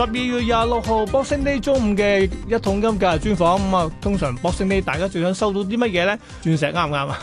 十二月廿六號 Boxing Day 呢中午嘅一桶金嘅專訪，咁、嗯、啊通常 Boxing Day 呢，大家最想收到啲乜嘢咧？鑽石啱唔啱啊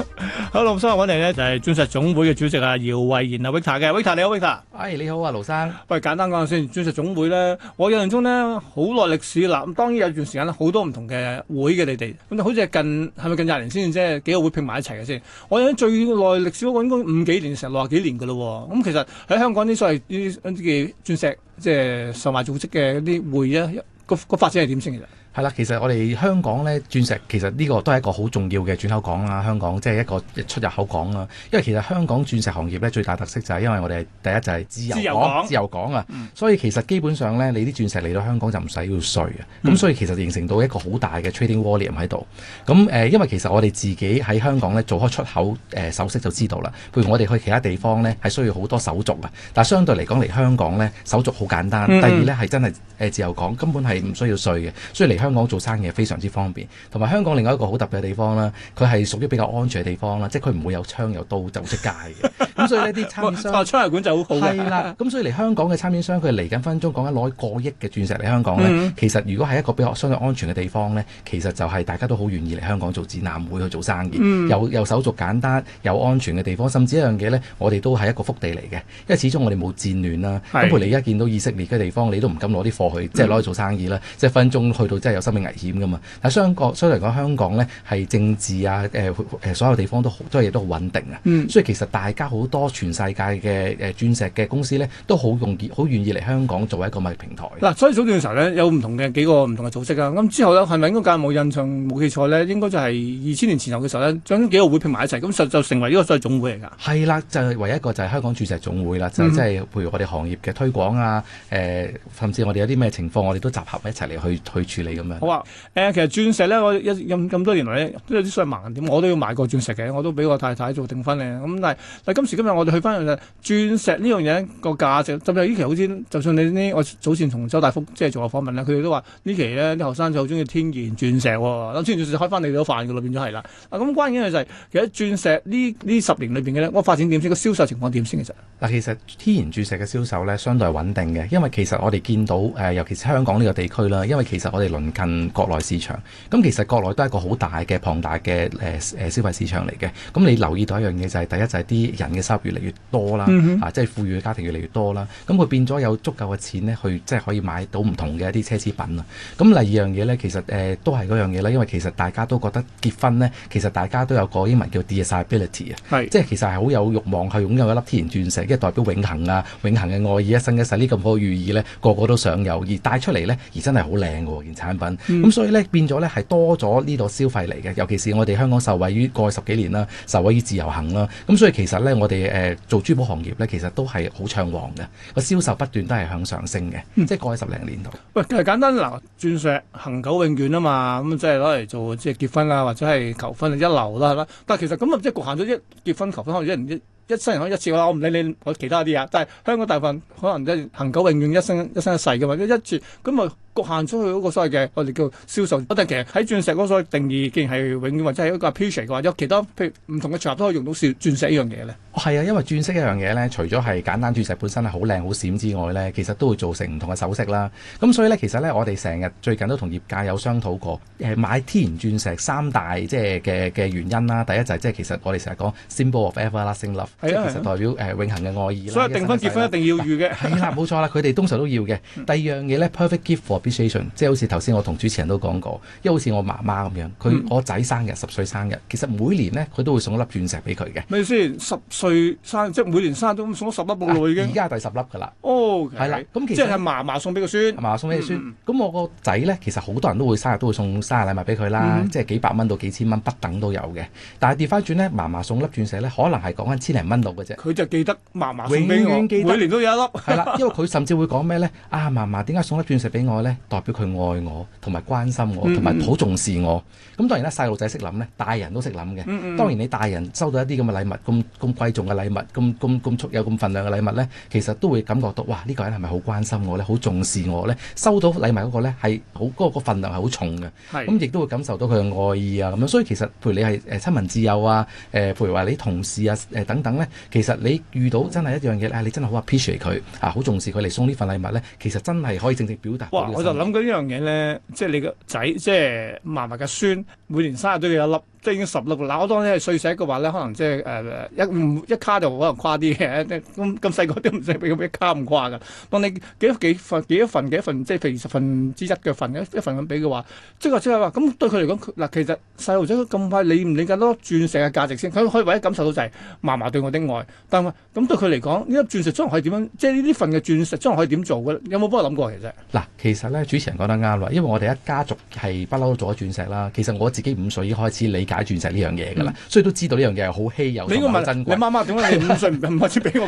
？Hello，我哋咧，就係、是、鑽石總會嘅主席啊，姚蔚然啊，Victor 嘅，Victor 你好，Victor。哎，你好啊，盧生。喂，簡單講先，鑽石總會咧，我印象中咧好耐歷史啦。咁當然有段時間咧，好多唔同嘅會嘅你哋咁好似係近係咪近廿年先啫？幾個會拼埋一齊嘅先。我印象最耐歷史嗰個應該五幾年成六啊幾年嘅咯。咁、嗯、其實喺香港啲所謂啲嘅鑽石。即係售賣組織嘅啲會啊，個個發展係點先其實？係啦，其實我哋香港咧，鑽石其實呢個都係一個好重要嘅轉口港啦、啊，香港即係一個出入口港啦、啊。因為其實香港鑽石行業咧最大特色就係因為我哋第一就係自由港，自由港，自由港啊，嗯、所以其實基本上咧，你啲鑽石嚟到香港就唔使要稅嘅。咁、嗯、所以其實形成到一個好大嘅 trading volume 喺度。咁、呃、因為其實我哋自己喺香港咧做開出口誒首、呃、飾就知道啦。譬如我哋去其他地方咧係需要好多手續啊。但相對嚟講嚟香港咧手續好簡單。第二咧係真係自由港，根本係唔需要稅嘅，所以嚟香香港做生意非常之方便，同埋香港另外一個好特別嘅地方啦，佢係屬於比較安全嘅地方啦，嗯、即係佢唔會有槍有刀走 出街嘅。咁所以呢啲參展商，啊， 出入關就好好嘅啦。咁所以嚟香港嘅參展商，佢嚟緊分分鐘講緊攞過億嘅鑽石嚟香港呢。嗯、其實如果係一個比較相對安全嘅地方呢，其實就係大家都好願意嚟香港做展覽會去做生意，又、嗯、手續簡單又安全嘅地方。甚至一樣嘢呢，我哋都係一個福地嚟嘅，因為始終我哋冇戰亂啦。咁佢是你而家見到以色列嘅地方，你都唔敢攞啲貨去，即係攞去做生意啦，嗯、即係分分鐘去到真係。有生命危險噶嘛？但係香港相對嚟講，香港呢係政治啊，誒、呃、誒，所有地方都好多嘢都好穩定啊。嗯、所以其實大家好多全世界嘅誒鑽石嘅公司呢，都好容易好願意嚟香港作為一個貿易平台。嗱、啊，所以早段嘅時候呢，有唔同嘅幾個唔同嘅組織啊。咁之後呢，係咪應該間冇印象冇記錯呢？應該就係二千年前後嘅時候呢，將幾個會拼埋一齊，咁就就成為呢個所謂總會嚟㗎。係啦，就係唯一一個就係香港鑽石總會啦，就係即係譬如我哋行業嘅推廣啊，誒、嗯呃，甚至我哋有啲咩情況，我哋都集合一齊嚟去去處理咁。好啊！誒、呃，其實鑽石咧，我一咁咁多年來都有啲所謂盲點，我都要買過鑽石嘅，我都俾我太太做訂婚嘅。咁、嗯、但係但係今時今日我哋去翻去，鑽石呢樣嘢個價值，特別呢期好，好似就算你呢，我早前同周大福即係做過訪問咧，佢哋都話呢期呢，啲後生就好中意天然鑽石喎、哦，諗天然鑽石開翻你都煩噶啦，變咗係啦。咁、啊嗯、關鍵嘅就係、是、其實鑽石呢呢十年裏邊嘅呢個發展點先，個銷售情況點先？其實嗱，其實天然鑽石嘅銷售呢，相對係穩定嘅，因為其實我哋見到誒、呃，尤其是香港呢個地區啦，因為其實我哋近國內市場，咁其實國內都係一個好大嘅龐大嘅誒誒消費市場嚟嘅。咁你留意到一樣嘢就係、是，第一就係啲人嘅收入越嚟越多啦，即係、嗯哼啊就是、富裕嘅家庭越嚟越多啦。咁佢變咗有足夠嘅錢咧，去即係可以買到唔同嘅一啲奢侈品啊。咁第二樣嘢呢，其實誒、呃、都係嗰樣嘢咧，因為其實大家都覺得結婚呢，其實大家都有個英文叫 desirability 啊是，即係其實係好有欲望去擁有一粒天然鑽石，即係代表永恆啊、永恆嘅愛意一生一世呢咁多寓意呢，個個都想有，而帶出嚟呢，而真係好靚嘅。咁、嗯、所以咧，變咗咧係多咗呢度消費嚟嘅，尤其是我哋香港受惠於過去十幾年啦，受惠於自由行啦。咁所以其實咧，我哋誒、呃、做珠寶行業咧，其實都係好暢旺嘅，個銷售不斷都係向上升嘅，嗯、即係過去十零年度。喂，其實簡單嗱，鑽石恒久永遠啊嘛，咁即係攞嚟做即係結婚啊，或者係求婚一流啦。但係其實咁啊，即係局限咗一結婚求婚可能一人一,一生人可以一次啦。我唔理你我其他啲啊，但係香港大份可能即係恒久永遠一生一生一世嘅話，一一次咁啊。局限出去嗰個所謂嘅我哋叫銷售，我哋其實喺鑽石嗰個定義，既然係永遠或者係一個 picture 嘅話，有其他譬如唔同嘅場合都可以用到鑽石呢樣嘢咧。係、哦、啊，因為鑽石一樣嘢咧，除咗係簡單鑽石本身係好靚好閃之外咧，其實都會做成唔同嘅首飾啦。咁所以咧，其實咧我哋成日最近都同業界有商討過，誒買天然鑽石三大即係嘅嘅原因啦。第一就係、是、即係其實我哋成日講 symbol of everlasting love，即係其實代表誒、呃、永恒嘅愛意，所以訂婚結婚一定要預嘅。係、啊、啦，冇 錯啦，佢哋通常都要嘅。第二樣嘢咧，perfect gift for 即係好似頭先我同主持人都講過，因為好似我媽媽咁樣，佢、嗯、我仔生日十歲生日，其實每年咧佢都會送一粒鑽石俾佢嘅。咪，先？十歲生日即係每年生日都送十粒寶貝嘅。而家、啊、第十粒噶啦。哦 Okay,，係啦，咁其實即係嫲嫲送俾個孫，嫲嫲送俾個孫。咁、嗯、我個仔咧，其實好多人都會生日都會送生日禮物俾佢啦，嗯、即係幾百蚊到幾千蚊不等都有嘅。但係跌翻轉咧，嫲嫲送粒鑽石咧，可能係講緊千零蚊到嘅啫。佢就記得嫲嫲永遠記得每年都有一粒。係 啦，因為佢甚至會講咩咧？啊，嫲嫲點解送粒鑽石俾我咧？代表佢愛我，同埋關心我，同埋好重視我。咁、嗯嗯、當然啦，細路仔識諗呢，大人都識諗嘅。嗯嗯當然你大人收到一啲咁嘅禮物，咁咁貴重嘅禮物，咁咁咁足有咁份量嘅禮物呢，其實都會感覺到，哇！呢、呢個人係咪好關心我呢？好重視我呢？收到禮物嗰個呢，係好嗰個份、嗰個、量係好重嘅。咁亦的都會感受到佢嘅愛意啊咁樣。所以其實譬如你係親親民摯友啊，誒譬如話你同事啊等等呢，其實你遇到真係一樣嘢你真係好 appreciate 佢啊，好重視佢嚟送呢份禮物呢，其實真係可以正正表達。 就諗緊呢樣嘢咧，即係你個仔，即係嫲嫲嘅孫，每年生日都要有一粒，即都已經十粒嗱，我當你係碎石嘅話咧，可能即係誒、呃、一唔一卡就可能誇啲嘅，咁咁細個都唔使俾佢一卡咁誇嘅。當你幾多幾份幾多份幾多份，即係譬如十分之一嘅份，一份咁俾嘅話，即係即係話咁對佢嚟講，嗱其實細路仔咁快，理唔理解多鑽石嘅價值先？佢可以為咗感受到就係嫲嫲對我的愛。但係咁對佢嚟講，呢、這、粒、個、鑽石將可以點樣？即係呢啲份嘅鑽石將可以點做嘅？有冇幫我諗過其實？嗱，其實。主持人講得啱啦，因為我哋一家族係不嬲都做咗鑽石啦。其實我自己五歲已經開始理解鑽石呢樣嘢噶啦，嗯、所以都知道呢樣嘢好稀有。你個問很你媽媽點解你五歲唔唔開始俾我？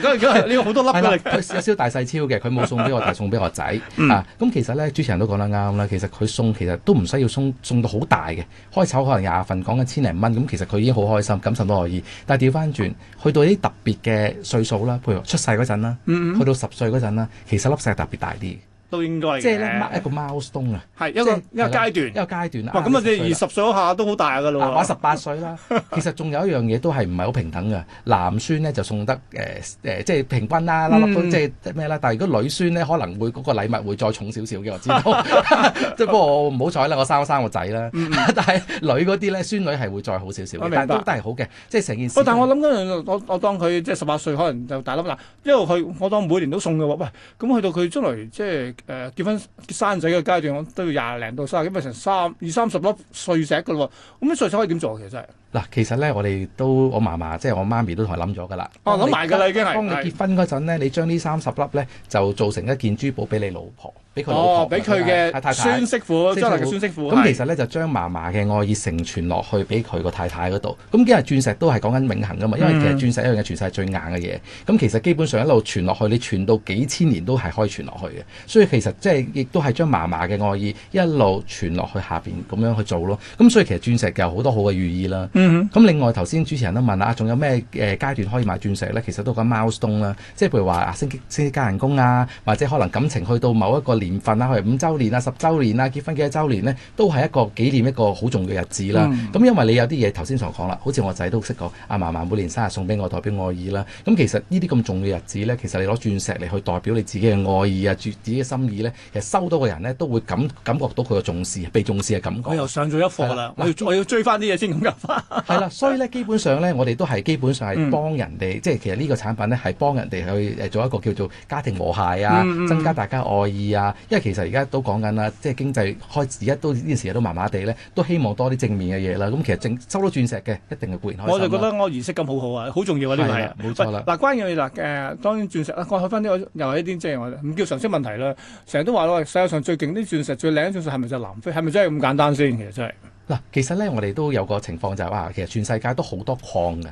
你啊好多粒嘅。佢少少大細超嘅，佢冇送俾我， 但係送俾我仔。嗯，咁、啊、其實咧主持人都講得啱啦。其實佢送其實都唔需要送送到好大嘅，開炒可能廿分，講緊千零蚊。咁其實佢已經好開心，感受都可以。但係調翻轉，去到啲特別嘅歲數啦，譬如出世嗰陣啦，嗯嗯去到十歲嗰陣啦，其實粒石係特別大啲。都應該嘅，即係一個 milestone 啊，係一個一個階段，一個階段。哇，咁啊，你二十歲嗰下都好大㗎啦喎，十八歲啦。其實仲有一樣嘢都係唔係好平等嘅，男孫咧就送得誒誒，即係平均啦，粒粒都即係咩啦。但如果女孫咧，可能會嗰個禮物會再重少少嘅，我知道。即係不過唔好彩啦，我生咗三個仔啦，但係女嗰啲咧，孫女係會再好少少，但都都係好嘅，即係成件事。但我諗嗰樣嘢，我我當佢即係十八歲，可能就大粒啦，因為佢我當每年都送嘅話，喂，咁去到佢出來即係。誒，結婚生仔嘅階段，我都要廿零到卅幾，咁咪成三二三十粒碎石嘅咯喎，咁啲碎石可以點做啊？其實係。嗱，其實咧，我哋都我嫲嫲即係我媽咪都同我諗咗噶啦。哦，諗埋噶啦，已經係。當你結婚嗰陣咧，你將呢三十粒咧就做成一件珠寶俾你老婆，俾佢老婆。哦，俾佢嘅太太，孫媳婦，將佢孫媳婦。咁其實咧就將嫲嫲嘅愛意承傳落去俾佢個太太嗰度。咁其實鑽石都係講緊永恆噶嘛，因為其實鑽石一樣係全世界最硬嘅嘢。咁其實基本上一路傳落去，你傳到幾千年都係可以傳落去嘅。所以其實即係亦都係將嫲嫲嘅愛意一路傳落去下邊咁樣去做咯。咁所以其實鑽石有好多好嘅寓意啦。咁、嗯、另外頭先主持人都問啊，仲有咩誒、呃、階段可以買鑽石呢？其實都講 milestone 啦，即係譬如話升升職加人工啊，或者可能感情去到某一個年份啊，去五週年啊、十週年啊、結婚幾多週年呢，都係一個紀念一個好重嘅日子啦。咁、嗯、因為你有啲嘢頭先所講啦，好似我仔都識講，阿嫲嫲每年生日送俾我代表愛意啦。咁其實呢啲咁重嘅日子呢，其實你攞鑽石嚟去代表你自己嘅愛意啊、自己嘅心意呢，其實收到個人呢都會感感覺到佢嘅重視，被重視嘅感覺。我又上咗一課、啊、要啦我，我要追翻啲嘢先咁入係啦， 所以咧基本上咧，我哋都係基本上係幫人哋，嗯、即係其實呢個產品咧係幫人哋去做一個叫做家庭和諧啊，嗯嗯、增加大家愛意啊。因為其實而家都講緊啦，即係經濟開始，都都一都呢件事都麻麻地咧，都希望多啲正面嘅嘢啦。咁其實正收到鑽石嘅一定係固然開心、啊、我就覺得我儀式感好好啊，好重要啊呢了個係冇錯啦。嗱、啊，關於嗱誒、呃，當然鑽石啦，講開翻啲又係一啲即係我唔叫常識問題啦。成日都話我、哎、世界上最勁啲鑽石、最靚啲鑽石係咪就係南非？係咪真係咁簡單先？其實真、就、係、係。嗱，其實咧，我哋都有個情況就係、是、話，其實全世界都好多礦嘅，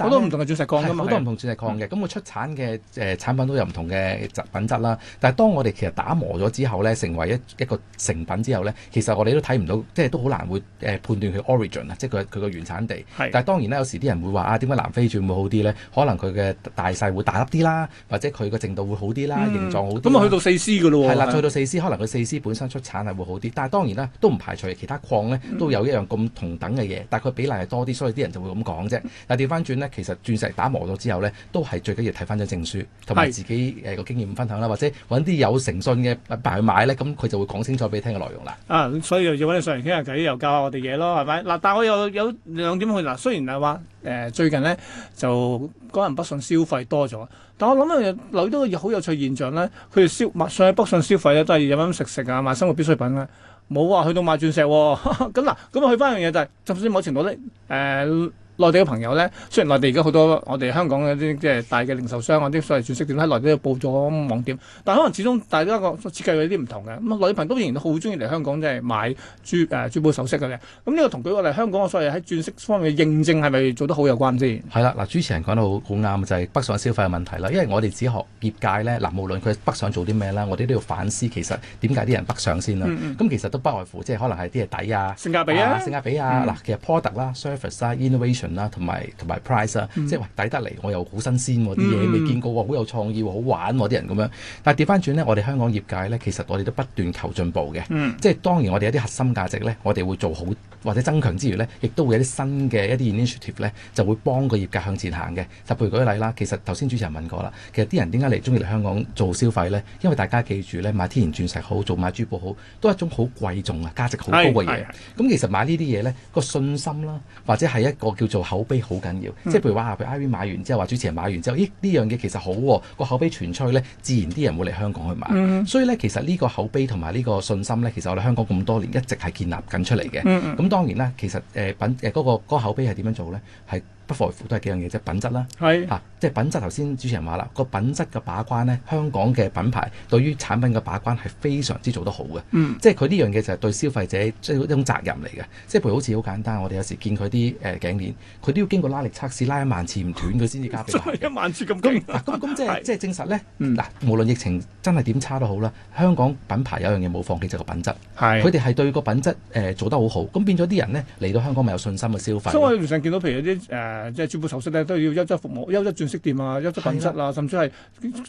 好多唔同嘅鑽石礦噶好是的多唔同鑽石礦嘅，咁佢的出產嘅誒、嗯呃、產品都有唔同嘅品質啦。但係當我哋其實打磨咗之後咧，成為一一個成品之後咧，其實我哋都睇唔到，即係都好難會誒判斷佢 origin 即係佢佢個原產地。是的 但係當然呢，有時啲人會話啊，點解南非鑽會好啲咧？可能佢嘅大細會大粒啲啦，或者佢個淨度會好啲啦，嗯、形狀好啲、嗯。」咁去到四 C 嘅咯喎。係啦的，去的到四 C，可能佢四 C 本身出產係會好啲，但係當然啦，都唔排除其他礦咧、嗯、都。有一樣咁同等嘅嘢，但係佢比例係多啲，所以啲人就會咁講啫。但係調翻轉呢，其實鑽石打磨咗之後呢，都係最緊要睇翻張證書，同埋自己誒個經驗分享啦，是或者揾啲有誠信嘅帶佢買呢，咧，咁佢就會講清楚俾你聽嘅內容啦。啊，所以又要揾你上嚟傾下偈，又教下我哋嘢咯，係咪？嗱，但我又有兩點去嗱。雖然係話誒最近呢，就江南北上消費多咗，但我諗啊，有好多好有趣現象呢。佢哋消上去北上消費咧都係飲飲食食啊，買生活必需品咧。冇話、啊、去到賣鑽石喎、啊，咁 嗱、啊，咁去翻樣嘢就係、是，就算某程度咧，誒、呃。內地嘅朋友咧，雖然內地而家好多我哋香港嗰啲即係大嘅零售商啊，啲所謂鑽飾店喺內地都報咗網店，但係可能始終大家個設計有啲唔同嘅。咁內地朋友仍然都好中意嚟香港即係買珠誒、啊、珠寶首飾嘅咧。咁、嗯、呢、這個同佢過嚟香港嘅所謂喺鑽飾方面嘅認證係咪做得好有關先？係啦，嗱主持人講得好啱就係、是、北上消費嘅問題啦。因為我哋只學業界咧，嗱無論佢北上做啲咩咧，我哋都要反思其實點解啲人北上先啦。咁其實都不外乎即係可能係啲嘢抵啊，性價比啊，性價比啊。嗱其實 product 啦、啊、service 啦、啊、innovation、啊。啦，同埋同埋 price 啊，嗯、即係話抵得嚟，我又好新鮮喎、啊，啲嘢未見過喎、啊，好、嗯、有創意喎、啊，好玩喎、啊，啲人咁樣。但係掉翻轉呢。我哋香港業界呢，其實我哋都不斷求進步嘅。嗯、即係當然我哋有啲核心價值呢，我哋會做好或者增強之餘呢，亦都會有啲新嘅一啲 initiative 呢，就會幫個業界向前行嘅。就譬如舉例啦，其實頭先主持人問過啦，其實啲人點解嚟鍾意嚟香港做消費呢？因為大家記住呢，買天然鑽石好，做買珠寶好，都係一種好貴重啊，價值好高嘅嘢。咁其實買呢啲嘢呢，個信心啦，或者係一個叫做做口碑好緊要，即係譬如話，阿 Ivy 買完之後話，主持人買完之後，咦，呢樣嘢其實好喎、啊，個口碑傳出去呢，自然啲人會嚟香港去買，所以呢，其實呢個口碑同埋呢個信心呢，其實我哋香港咁多年一直係建立緊出嚟嘅。咁當然啦，其實誒品誒嗰個口碑係點樣做呢？係。不外乎都係幾樣嘢啫是、啊，品質啦，嚇，即係品質。頭先主持人話啦，個品質嘅把關咧，香港嘅品牌對於產品嘅把關係非常之做得好嘅，嗯、即係佢呢樣嘢就係對消費者即係一種責任嚟嘅。即係譬如好似好簡單，我哋有時見佢啲誒頸鏈，佢都要經過拉力測試，拉一萬次唔斷佢先至加價。一萬次咁勁，咁咁、啊、即係即係證實咧。嗱、嗯，無論疫情真係點差都好啦，香港品牌有一樣嘢冇放棄就係、是、品質，佢哋係對個品質誒、呃、做得好好，咁變咗啲人咧嚟到香港咪有信心去消費。所以我喺路上見到譬如有啲誒。呃誒、啊、即係珠寶首飾咧都要優質服務、優質鑽飾店啊、優質品質啊，是的甚至係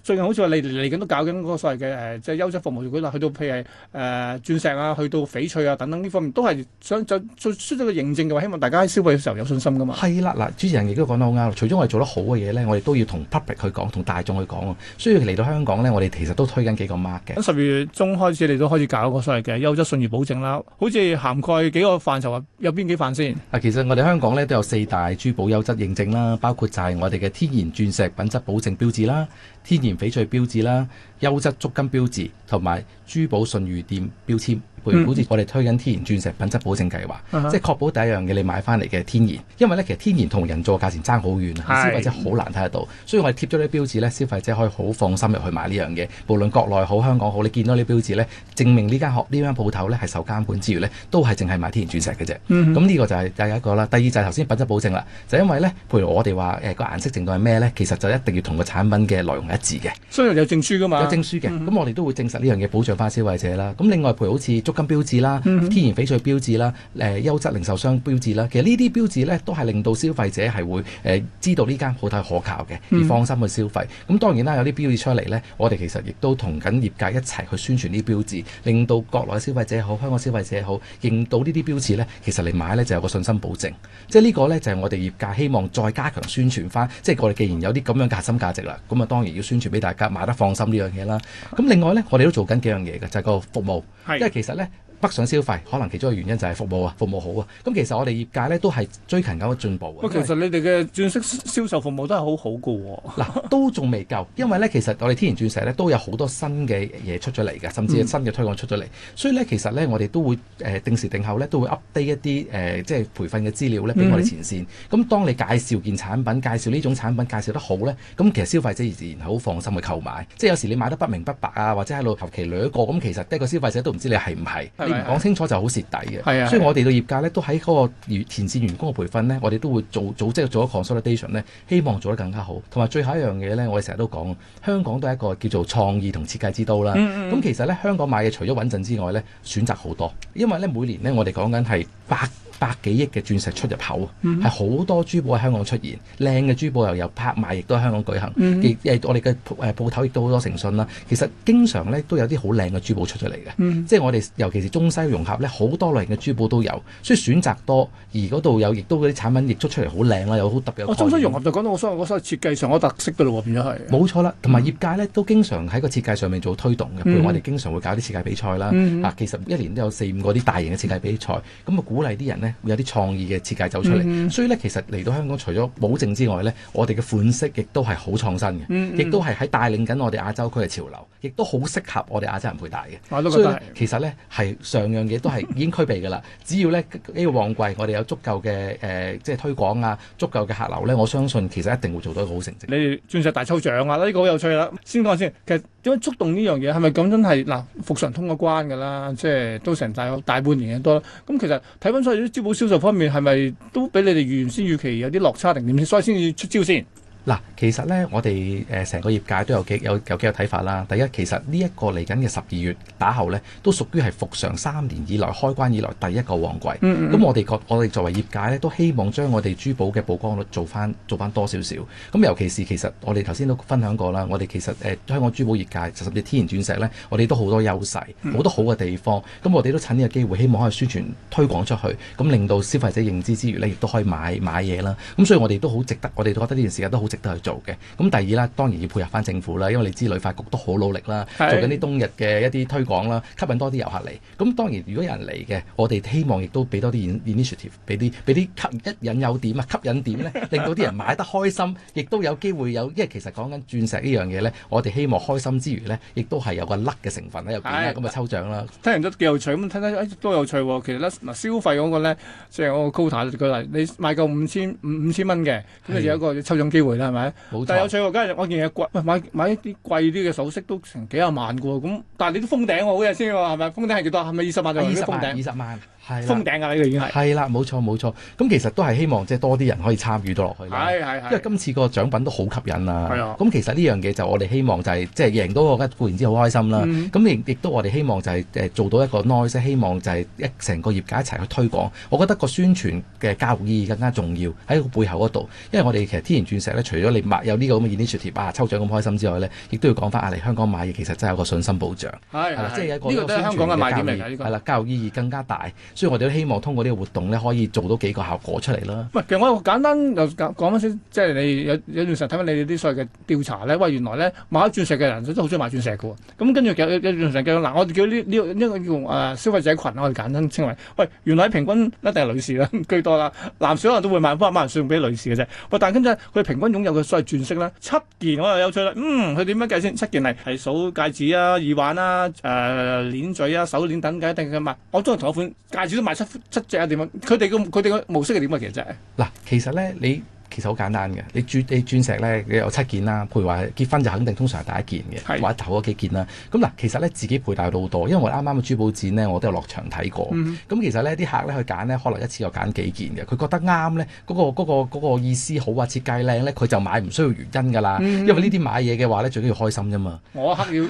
最近好似話嚟嚟緊都搞緊嗰個所謂嘅誒即係優質服務嗰類，去到譬如誒鑽石啊，去到翡翠啊等等呢方面都是，都係想就出咗個認證嘅話，希望大家喺消費嘅時候有信心噶嘛。係啦，嗱，主持人亦都講得好啱。除咗我哋做得好嘅嘢咧，我哋都要同 public 去講，同大眾去講啊。所以嚟到香港咧，我哋其實都推緊幾個 mark 嘅。咁十二月中開始，你都開始搞嗰個所謂嘅優質信譽保證啦，好似涵蓋幾個範疇啊？有邊幾範先？啊，其實我哋香港咧都有四大珠寶有質認證啦，包括就係我哋嘅天然鑽石品質保證標誌啦。天然翡翠標誌啦、優質足金標誌同埋珠寶信譽店標籤，譬如好似我哋推緊天然鑽石品質保證計劃，嗯、即係確保第一樣嘢你買翻嚟嘅天然，因為呢其實天然同人造價錢爭好遠，消費者好難睇得到，所以我哋貼咗啲標誌呢，消費者可以好放心入去買呢樣嘢。無論國內好香港好，你見到啲標誌呢，證明呢間學呢間鋪頭呢係受監管之餘呢，都係淨係賣天然鑽石嘅啫。咁呢、嗯、個就係第一個啦。第二就係頭先品質保證啦，就因為呢，譬如我哋話誒個顏色程度係咩呢，其實就一定要同個產品嘅內容，一致嘅，所以有證書噶嘛？有證書嘅，咁我哋都會證實呢樣嘢，保障翻消費者啦。咁另外，譬如好似足金標誌啦、天然翡翠標誌啦、誒優質零售商標誌啦，其實這些誌呢啲標誌呢都係令到消費者係會誒、呃、知道呢間鋪頭可靠嘅，而放心去消費。咁、嗯、當然啦，有啲標誌出嚟呢，我哋其實亦都同緊業界一齊去宣傳呢啲標誌，令到國內消費者好、香港消費者好，認到這些誌呢啲標誌呢，其實你買呢就有個信心保證。即係呢個呢就係、是、我哋業界希望再加強宣傳翻，即係我哋既然有啲咁樣核心價值啦，咁啊當然要。宣傳俾大家買得放心呢樣嘢啦。咁另外呢，我哋都做緊幾樣嘢嘅，就係、是、個服務，是因為其實呢。北上消費，可能其中一個原因就係服務啊，服務好啊。咁其實我哋業界咧都係追求緊咁進步嘅。不過其實你哋嘅鑽石銷售服務都係好好嘅喎。 都仲未夠，因為咧其實我哋天然鑽石咧都有好多新嘅嘢出咗嚟嘅，甚至係新嘅推案出咗嚟。嗯、所以咧其實咧我哋都會誒、呃、定時定候咧都會 update 一啲誒、呃、即係培訓嘅資料咧俾我哋前線。咁、嗯、當你介紹件產品、介紹呢種產品介紹得好咧，咁其實消費者自然係好放心去購買。即係有時你買得不明不白啊，或者喺度求其掠一個，咁其實即係個消費者都唔知你係唔係。你唔講清楚就好蝕底嘅，是是是，所以我哋嘅業界咧都喺嗰個員前線員工嘅培訓呢，我哋都會組組織做，做，做一 consultation 咧，希望做得更加好。同埋最後一樣嘢呢，我哋成日都講，香港都係一個叫做創意同設計之都啦。咁、嗯嗯、其實呢，香港買嘢除咗穩陣之外呢，選擇好多，因為呢，每年呢，我哋講緊係百。百幾億嘅鑽石出入口，係好、mm hmm. 多珠寶喺香港出現，靚嘅珠寶又有拍賣，亦都喺香港舉行，mm hmm. 我哋嘅誒鋪頭，亦都好多誠信啦。其實經常咧都有啲好靚嘅珠寶出出嚟嘅，mm hmm. 即係我哋尤其是中西融合咧，好多類型嘅珠寶都有，所以選擇多。而嗰度有亦都嗰啲產品亦出出嚟好靚啦，有好特別嘅。中西融合就講到我所謂我覺得設計上嘅特色嘅咯喎，變咗係冇錯啦。同埋業界咧、mm hmm. 都經常喺個設計上面做推動嘅，譬如我哋經常會搞啲設計比賽啦。啊、mm，hmm. 其實一年都有四五個啲大型嘅設計比賽，咁啊、mm hmm. 鼓勵啲人呢有啲創意嘅設計走出嚟，嗯嗯，所以咧其實嚟到香港除咗保證之外咧，我哋嘅款式亦都係好創新嘅，亦、嗯嗯、都係喺帶領緊我哋亞洲區嘅潮流，亦都好適合我哋亞洲人佩戴嘅。我都覺得，其實咧係上樣嘢都係已經具備噶啦。 只要呢個旺季，我哋有足夠嘅、呃、即係推廣啊，足夠嘅客流咧，我相信其實一定會做到一個好成績。你哋鑽石大抽獎啊，呢、這個好有趣啦、啊。先講先，其實點樣觸動呢樣嘢係咪咁樣係嗱？復、啊、常通過關噶啦，即係都成大大半年嘅多。咁其實睇翻出珠寶銷售方面係咪都比你哋原先預期有啲落差定點？所以先至出招先。嗱，其實咧，我哋誒成個業界都有幾有有幾個睇法啦。第一，其實呢一個嚟緊嘅十二月打後咧，都屬於係復常三年以來開關以來第一個旺季。咁、mm hmm. 我哋覺我哋作為業界咧，都希望將我哋珠寶嘅曝光率做翻做翻多少少。咁尤其是其實我哋頭先都分享過啦，我哋其實誒、呃、香港珠寶業界，甚至天然鑽石咧，我哋都好多優勢，好、mm hmm. 多好嘅地方。咁我哋都趁呢個機會，希望可以宣傳推廣出去，咁令到消費者認知之餘呢，亦都可以買買嘢啦。咁所以我哋都好值得，我哋都覺得呢段時間都好都係做嘅，咁第二啦，當然要配合翻政府啦，因為你知旅發局都好努力啦，的做緊啲冬日嘅一啲推廣啦，吸引多啲遊客嚟。咁當然如果有人嚟嘅，我哋希望亦都俾多啲 in, initiative，俾啲俾啲吸一引有點啊，吸引點咧，令到啲人買得開心，亦 都有機會有，因為其實講緊鑽石呢樣嘢咧，我哋希望開心之餘呢，亦都係有個甩嘅成分喺入面，咁咪抽獎啦。聽人都幾有趣，咁睇睇都有趣喎。其實消費嗰個咧，即係個 quota 舉例，你買夠五千五五千蚊嘅，咁咧有一個抽獎機會啦。係咪？係係，冇錯，但係有趣喎，今日我件嘢貴，買買一啲貴啲嘅首飾都成幾廿萬嘅，咁，但係你都封頂好嗰先，係咪？封頂係幾多？係咪二十萬就封，係，二十萬。頂封頂㗎呢個已經係係啦，冇錯冇錯。咁其實都係希望即係多啲人可以參與到落去。因為今次個獎品都好吸引啊。咁的其實呢樣嘢就我哋希望就係即係贏到個，固然之好開心啦。咁亦、嗯、都我哋希望就係做到一個 noise 希望就係一成個業界一齊去推廣。我覺得個宣傳嘅教育意義更加重要喺個背後嗰度，因為我哋其實天然鑽石咧，除咗你買有呢個咁嘅 initiative 貼啊、抽獎咁開心之外咧，亦都要講翻啊嚟香港買嘢其實真係有個信心保障。係係的，的即係一,一,一個宣傳嘅教育。係啦、這個，教育意義更加大。所以我哋都希望通過呢個活動咧，可以做到幾個效果出嚟啦。唔其實我簡單又講講翻先，即係你有有段時間睇翻你哋啲所謂嘅調查咧。喂，原來咧買咗鑽石嘅人都好中意買鑽石嘅喎。咁、嗯、跟住有有段時間嘅嗱，我哋叫呢呢呢個叫誒、啊、消費者群，我哋簡單稱為。喂，原來平均一定係女士啦居多啦，男士可能都會買翻，但係少數俾女士嘅啫。喂，但係跟住咧，佢平均擁有嘅所謂鑽飾啦，七件，我又有趣啦。嗯，佢點樣計先？七件係係數戒指啊、耳環啊、誒、呃、鏈墜啊、手鏈等等，一定嘅嘛。我中意同一款最多賣七七隻啊？點樣？佢哋個佢哋個模式係點啊？其實就係嗱，其實咧你。其實好簡單嘅，你鑽石呢你鑽石咧，你有七件啦。譬如話結婚就肯定通常係第一件嘅，是或者頭幾件啦。咁嗱，其實咧自己佩戴都好多，因為我啱啱嘅珠寶展咧，我都有落場睇過。咁、嗯、其實呢啲客咧去揀咧，可能一次又揀幾件嘅，佢覺得啱咧，嗰、嗰個嗰、嗰個嗰個嗰個、意思好啊，設計靚咧，佢就買，唔需要原因㗎啦。嗯、因為呢啲買嘢嘅話咧，最緊要開心啫嘛。我黑料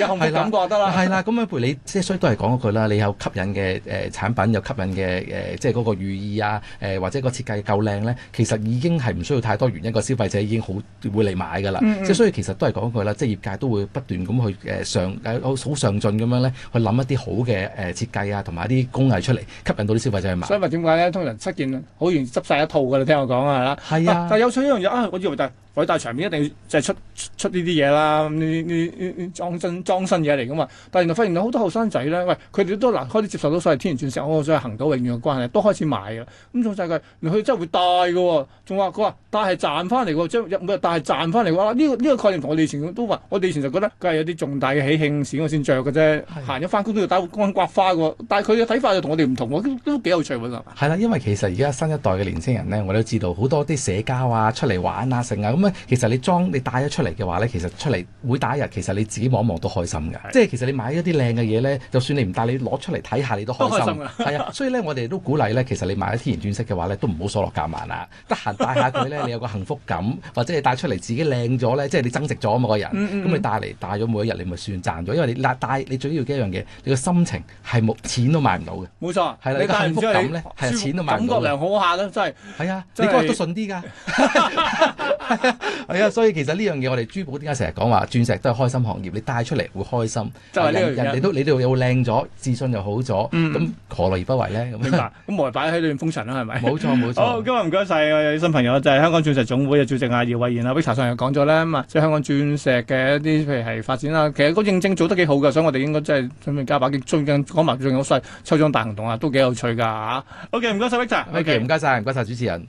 有冇感覺得啦 的？係啦，咁 啊，譬如你即係所以都係講嗰句啦，你有吸引嘅誒、呃、產品，有吸引嘅誒，即係嗰個寓意啊，誒、呃、或者個設計夠靚咧，其實已經。係唔需要太多原因，個消費者已經好會嚟買噶啦。即係、嗯嗯、所以，其實都係講句啦，即係業界都會不斷咁去誒、呃、上好上進咁樣咧，去諗一啲好嘅誒設計啊，同埋一啲工藝出嚟，吸引到啲消費者去買。所以話點解咧，通常七件好容易執晒一套噶。你聽我講啊，係啦。係啊，但係有趣一樣嘢啊，我叫唔偉大場面一定要就係出出呢啲嘢啦，呢呢呢裝新裝新嘢嚟噶嘛，但係原來發現好多後生仔咧，喂佢哋都嗱開始接受到所謂天然鑽石，我所謂恆久永遠嘅關係都開始買嘅，咁仲就係佢佢真係會戴嘅，仲話佢話戴係賺翻嚟嘅，但係冇賺翻嚟嘅，呢個呢個概念同我哋以前都話，我哋以前就覺得佢係有啲重大嘅喜慶事我先着嘅啫，的行咗翻工都要打個光棍刮花嘅，但係佢嘅睇法就同我哋唔同，都都幾有趣喎，係咪？係啦，因為其實而家新一代嘅年輕人咧，我都知道好多啲社交啊、出嚟玩啊、成啊其實你裝你戴咗出嚟嘅話咧，其實出嚟每戴一日，其實你自己望一望都開心嘅。即係其實你買一啲靚嘅嘢咧，就算你唔戴，你攞出嚟睇下，你都開心。係啊，所以咧我哋都鼓勵咧，其實你買咗天然鑽石嘅話咧，都唔好鎖落夾萬啊。得閒戴下佢咧，你有個幸福感，或者你戴出嚟自己靚咗咧，即係你增值咗某個人。咁你戴嚟戴咗每一日，你咪算賺咗。因為你戴你最重要嘅一樣嘢，你個心情係冇錢都買唔到嘅。冇錯，係啦，你個幸福感咧，係錢都買唔到。感覺良好下咯，真係。係啊，你個都順啲㗎。係 啊，啊，所以其實呢樣嘢我哋珠寶點解成日講話鑽石都係開心行業，你帶出嚟會開心，就呢樣人哋都你哋又靚咗，自信又好咗，咁何樂而不為咧？明白？咁無謂擺喺度封塵啦，係咪？冇錯， 冇錯。好，今日唔該晒新朋友，就係、是、香港鑽石總會、就是、主席阿姚蔚然啦。Victor 上又講咗啦，咁啊，即係香港鑽石嘅一啲，譬如係發展啦，其實個認證做得幾好噶，所以我哋應該真係準備加把勁。最近講埋，仲有晒秋裝大行動啊，都幾有趣噶吓。O K，唔該晒 Victor，Victor 唔該晒，唔該晒主持人。